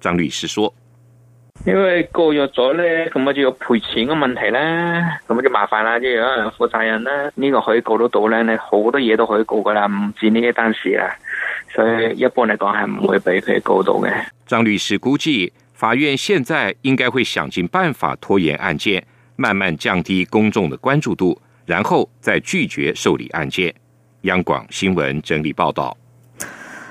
張律師說：因為告弱咗咧，咁我就要賠錢嘅問題啦，咁就麻煩啦，即係有人負責任啦。呢個可以告得到咧，你好多嘢都可以告噶啦，唔止呢一單事啦。所以一般嚟講係唔會俾佢告到嘅。張律師估計法院現在應該會想盡辦法拖延案件，慢慢降低公眾嘅關注度，然後再拒絕受理案件。央廣新聞整理報道。